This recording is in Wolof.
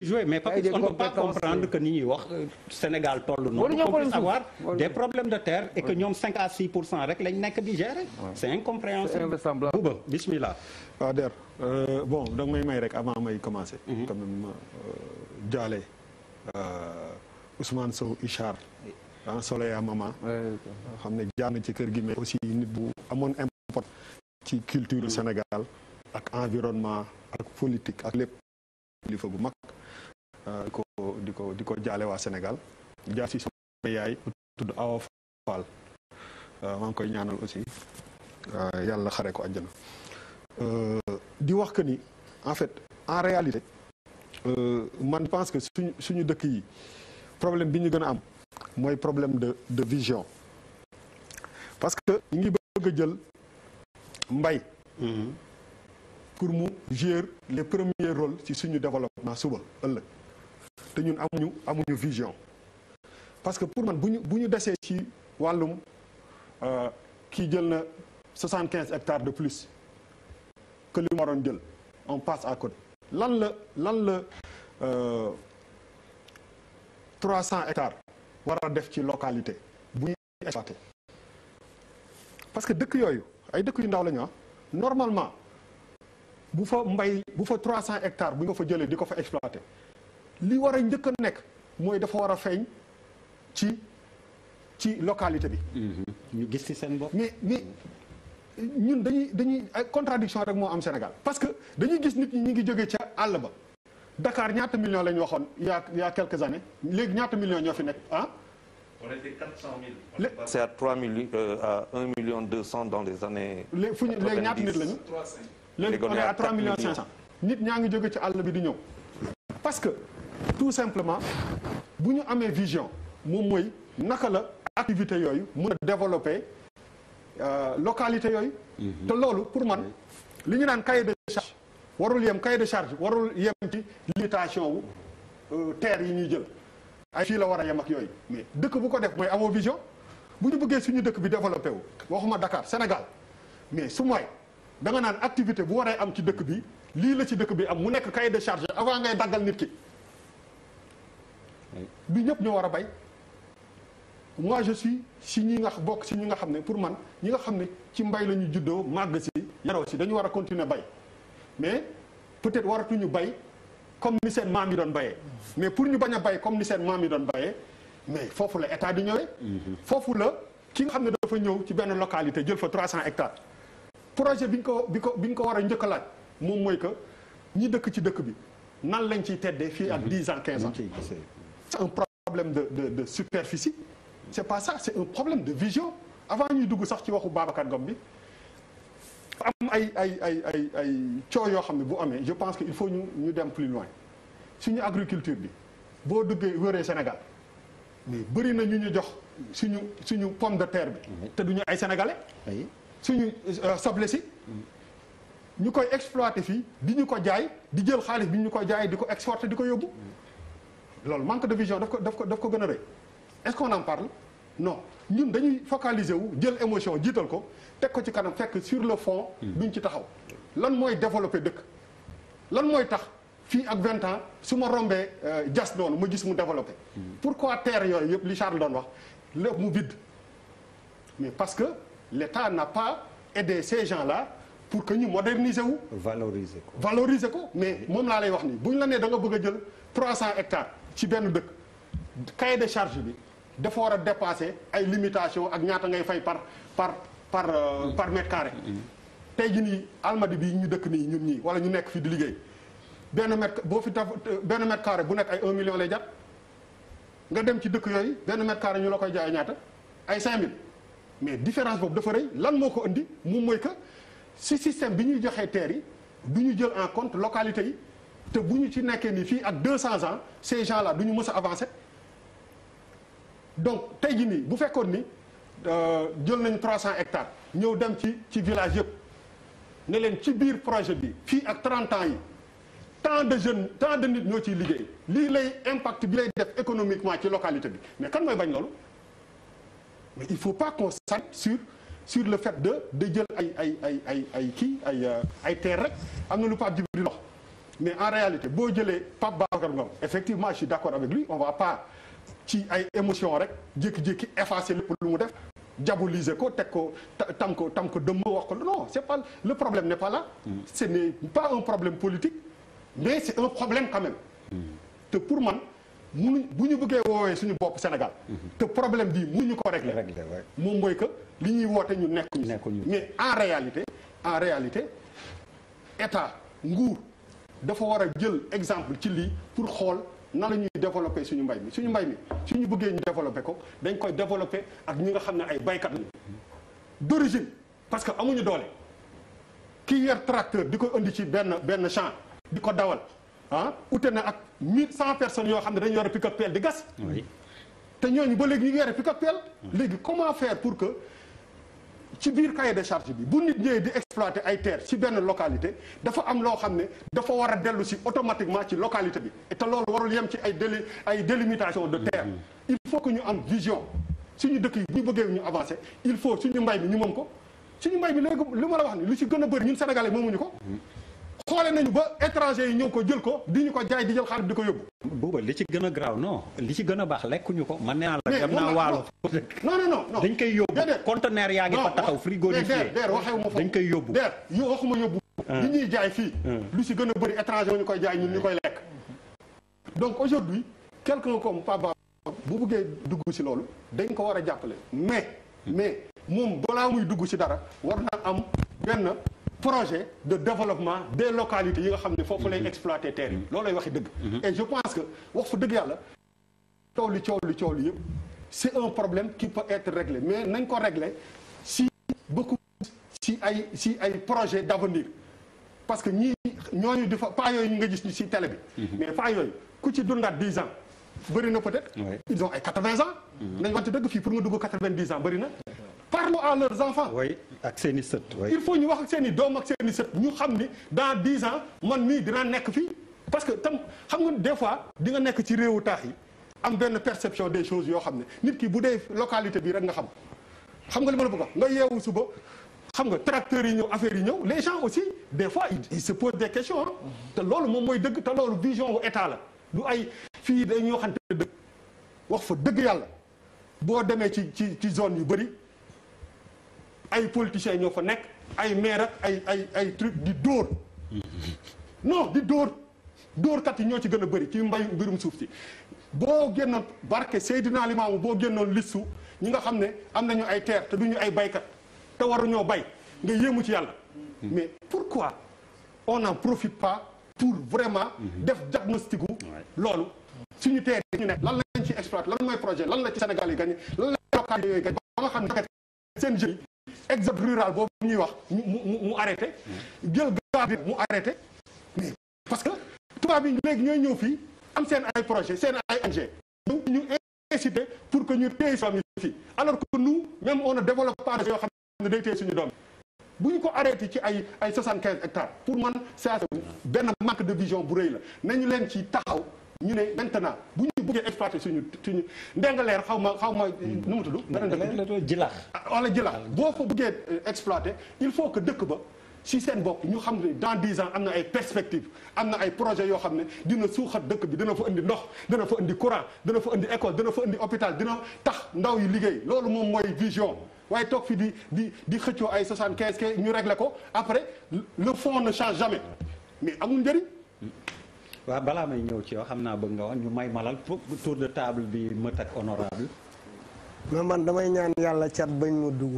joué mais Papis pas comprendre que ni ñuy wax euh, Sénégal toll noonu qu'on puisse avoir des problèmes de terre et que ñoom 5 à 6 pour cent rek lañ nekk di gérer c'est incompréhensible Bouba bismillah waaw der euh, bon da nga may may rek avant may commencer mhm. quand euh, jaale Ousmane Sow Ichar ah xam ne jaar na ci kër gi mais aussi nit bu amoon import ci culture mhm. Sénégal ak environnement ak politique ak lépp kilifa bu mag Euh, di ko di ko di ko jaale waa Sénégal jaar si suma yaay tudd Awa Fall euh, maa ngi koy ñaanal aussi euh, yàlla xare ko àjjana di wax que ni en fait en réalité man pense que su suñu dëkk yi problème bi ñu gën a am mooy problème de de vision parce que ñu ngi bëgg a jël mbay mm-hmm. pour mu gérer les premiers rôles ci suñu développement suba ëllëg te ñun amuñu amuñu vision parce que pour man bu ñu bu ñu desee ci wàllum euh, kii jël na soixante quinze hectares de plus que li mu jël on passe à côté lan la lan la euh, trois cent hectares war def ci localité bu ñuy exploité parce que dëkk yooyu ay dëkk yu ndaw la ñu ah. normalement bu fa mbay bu fa trois cent hectares bu ñu ko fa jëlee di ko fa exploité li war a njëkk a nekk mooy dafa war a feeñ ci ci localité bi. Mm-hmm. ñu gis ci seen bopp. mais mais ñun dañuy dañuy ay contradiction rek moo am Sénégal parce que dañuy gis nit ñi ñu ngi jógee ca àll ba. dakaar ñaata millions lañ waxoon yaa yaa quelques années léegi ñaata millions ñoo fi nekk ah. on était 400 000. c'est à 3 millions euh, à 1 million dans les années. léegi fu ñu léegi ñaata nit lañu. léegi on est à 3 millions 500. nit ñaa ngi jóge ci àll bi di ñëw. parce que tout simplement bu ñu amee vision moom mooy naka la activité yooyu mun a développer euh, localité yooyu. Mhm. te loolu pour man li ñu naan cahier de charge warul yem cahier de charge warul yem ci limitation wu euh, terre yi ñuy jël ay fii la war a yem ak yooyu mais dëkk bu ko def mooy amoo vision bu ñu bëggee suñu dëkk bi développé wu waxuma Dakar Sénégal mais su mooy da nga naan activité bu waree am ci dëkk bi lii la ci dëkk bi am mu nekk cahier de charge avant ngay daggal du ñëpp ñoo war a bay moi je suis si ñi nga bokk si ñi nga xam ne pour man ñi nga xam ne ci mbay la ñu juddoo màgg si yaroo si dañu war a continuer bay mais peut waratu waratuñu bay comme ni seen maam yi doon bayee mais pour ñu bañ a bay comme ni seen maam yi doon bayee mais foofu la état di ñëwee mhm. foofu la ki nga xam ne dafa ñëw ci benn localité jël fa 300 hectare projet bi ñu ko bi ko bi ñu ko war a njëkk laaj moom mooy que ñi dëkk ci dëkk bi nan lañ ciy teddee fii ak 10 mhm. ans 15 ans c'est un problème de de de pas ça c'est un problème de vision avant ñuy dugg sax ci waxu Babacar Ngom am ay ay ay ay ay coow yoo xam ne bu amee je pense que il faut ñu ñu dem plus loin suñu agriculture bi boo duggee wëree Sénégal mais bëri na ñu ñu jox suñu suñu pomme de terre bi te duñu ay sénégalais suñu euh, soble si ñu koy exploiter fii di ñu ko jaay di jël xaalis bi ñu ko jaay di ko exporter di ko yóbbu loolu manque de vision daf ko daf ko daf ko gën a rëy est-ce qu'on en parle non ñun dañuy focaliser wu jël émotion jiital ko teg ko ci kanam fekk sur le fond. Hmm. duñ ci taxaw lan mooy développer dëkk. lan mooy tax fii ak vingt ans su ma rombee euh, jas noonu ma gis mu développé. Hmm. pourquoi terre yooyu yëpp li Charles doon wax lépp mu vide mais parce que l'État n'a pas aidé ces gens la pour que ñu moderniser wu. valoriser ko valoriser ko mais hmm. moom laa lay wax nii bu ñu la nee da nga bëgg a jël 300 hectares. ci benn dëkk cahier de charge bi dafa war a dépasser ay limitation ak ñaata ngay fay par par par euh, par mètre carré. tey jii nii almadi bi ñu dëkk nii ñun ñii wala ñu nekk fii di liggéey benn mètre boo fi taf benn mètre carré bu nekk ay 1 million lay nga dem ci dëkk yooyu benn mètre carré ñu la koy jaay ñaata ay mais différence boobu dafa rëy lan moo ko indi moom mooy que si système bi ñuy joxee terre yi du ñu jël en compte localité yi. te bu ñu ci nekkee nii fii ak deux cents ans ces gens là du ñu mës a donc tey jii nii bu fekkoon ni euh, jël nañ trois cents hectares ñëw dem ci ci village yëpp ne leen ci biir projet bi fii ak trente ans yi tant de jeunes tant de nit ñoo ciy liggéey lii lay impact bi lay def économiquement ci localité bi mais kan mooy bañ loolu mais il faut pas qu'on s'arrête sur sur le fait de de jël ay ay ay ay ay kii ay euh, ay terre rek am na lu Pape mais en réalité boo jëlee pap Pape Babacar Ngom effectivement ci suis d'accord avec lui on va pas ci ay émotion rek jékki-jékki effacer lépp lu mu def diaboliser ko teg ko tam ko tam ko dëmm wax ko lu non c'est pas le problème ne pas là mm. ce n'est pas un problème politique mais c'est un problème quand même mm. te pour man munuñ bu ñu bëggee woowee suñu bopp Sénégal mm-hmm. te problème bi ñu ko régler moom mooy que li ñuy woote ñu ñu mais en réalité en réalité état nguur dafa war a jël exemple ci lii pour xool na la ñuy développer suñu mbay mi suñu mbay mi suñu bëggee ñu développer ko dañ koy développer ak ñi nga xam ne ay baykat lañu d'origine parce que amuñu doole kii yor tracteur di ko indi ci benn benn champ di ko dawal ah ute na ak mille cent personnes yoo xam ne dañu yore pick-up di gas te ñooñu ba léegi ñu ngi yore pick-up pelle léegi comment faire pour que ci biir cahier de charge bi bu nit ñëwee di exploiter ay terre ci benn localité dafa am loo xam ne dafa war a dellu si automatiquement ci localité bi te loolu warul yem ci ay déli ay délimitation de terre mm-hmm. il faut que ñu am vision suñu dëkk yi bu ñu bëggee ñu avancer il faut suñu mbay mi ñu moom ko suñu mbay mi léegi li ma la wax ni lu si gën a bëri ñun sénégalais moomuñu ko mm-hmm. xoole nañu ba étranger yi ñëw ko jël ko di ñu ko jaay di jël xaalis di ko yóbbu. booba li ci gën a graaw non li ci gën a baax lekkuñu ko man nee naa la dem naa waalo. non non non dañ koy yóbbu. déedéet conteneur yaa ngi fa taxaw frigorifié dañ koy yóbbu. déedéet yow waxuma yóbbu. Ah. li ñuy jaay fii. Ah. lu si gën a bëri étranger ñu koy jaay ñun ñu koy lekk. donc aujourd'hui quelqu'un comme Papa bu bëggee dugg si loolu dañ ko war a jàppale mais mais moom balaa muy dugg si dara war naa am benn projet de développement de localité yi nga xam ne foofu lay exploiter terre yi loolay waxi dëgg mhm. et je pense que wax fa dëgg yàlla coow li coow li coow li yëpp c'est un problème qui peut être réglé mais nañ ko réglé si beaucoup si ay si ay projet d'avenir parce que ñii ñooñu di fa pas yooyu nga gis si télé bi mhm. mais pas yooyu ku ci dundaat dix ans bëri na peut-être ils ont ay quatre-vingts ans mhm. nañ wante dëgg fii pour nga dugg quatre-vingt-dix ans bëri na parlons à leurs enfants oui. ak seeni i sët il faut ñu wax ak seen doom ak seen i sët ñu xam ni dans dix ans man mii dinaa nekk fii parce que tam xam nga des fois di nga nekk ci réewu taax yi am benn perception des choses yoo xam ne nit kii bu dee localité bi rek nga xam xam nga li ma la bëgg wax nga yeewu suba xam nga tracteurs yi ñëw affaire yi ñëw les gens aussi des fois ils se posent des questions te loolu moom mooy dëgg te loolu vision wu état la du ay fii dañoo xamante dëgg wax fa dëgg yàlla boo demee ci ci ci zone yu bëri ay politiciens ñoo fa nekk ay maire ak ay ay ay truc di dóor non di dóor dóorkat yi ñoo ci gën a bëri ci mbayu mbirum suuf si boo génnoon barke Seydina Limaamu boo génnoon listu ñi nga xam ne am nañu ay terre te ñu ay baykat te waruñoo bay nga yéemu ci yàlla mais pourquoi on n'en profite pas pour vraiment mhm. def diagnostic gu loolu suñu terre yi ñu nekk lan lañ ci exploité lan mooy projet lan la ci Sénégal yi gagné lan la localité yooyu gagné ba nga xam exode rural boobu ñuy wax mu mu mu arrêté. jël gaal bi mu arrêté. mais parce que tubaab yi léegi ñooy ñëw fii am seen ay projet seen ay ONG. donc ñu incité pour que ñu téye famille fii alors que nous même on ne développe pas yoo xam ne day téye suñu doom bu ñu ko arrêté ci ay ay 75 hectares pour man c'est benn manque de vision bu rëy la nañu leen ci taxaw ñu ne maintenant bu bëggee exploité suñu suñu ndengaleer xaw ma xaw ma nu mu tudd. Hmm. beneen jilax ah, wala jilax boo ko bëggee euh, exploité il faut que dëkk ba si seen bopp ñu xam ne dans dix ans am na ay perspectives am na ay projets yoo xam ne dina suuxat dëkk bi dina fa indi ndox dina fa indi courant dina fa indi école dina fa indi hôpital dina tax ndaw yi liggéey loolu moom mooy vision. waaye toog fi di di di xëccoo ay soixante quinze que ñu réglé ko après le fond na change jamais mais amul njëriñ. waaw balaa may ñëw ci yow xam naa bëgg nga wax ñu may malal tour de table bi mët ak honorable mais man damay ñaan yàlla cat bañ ma dugg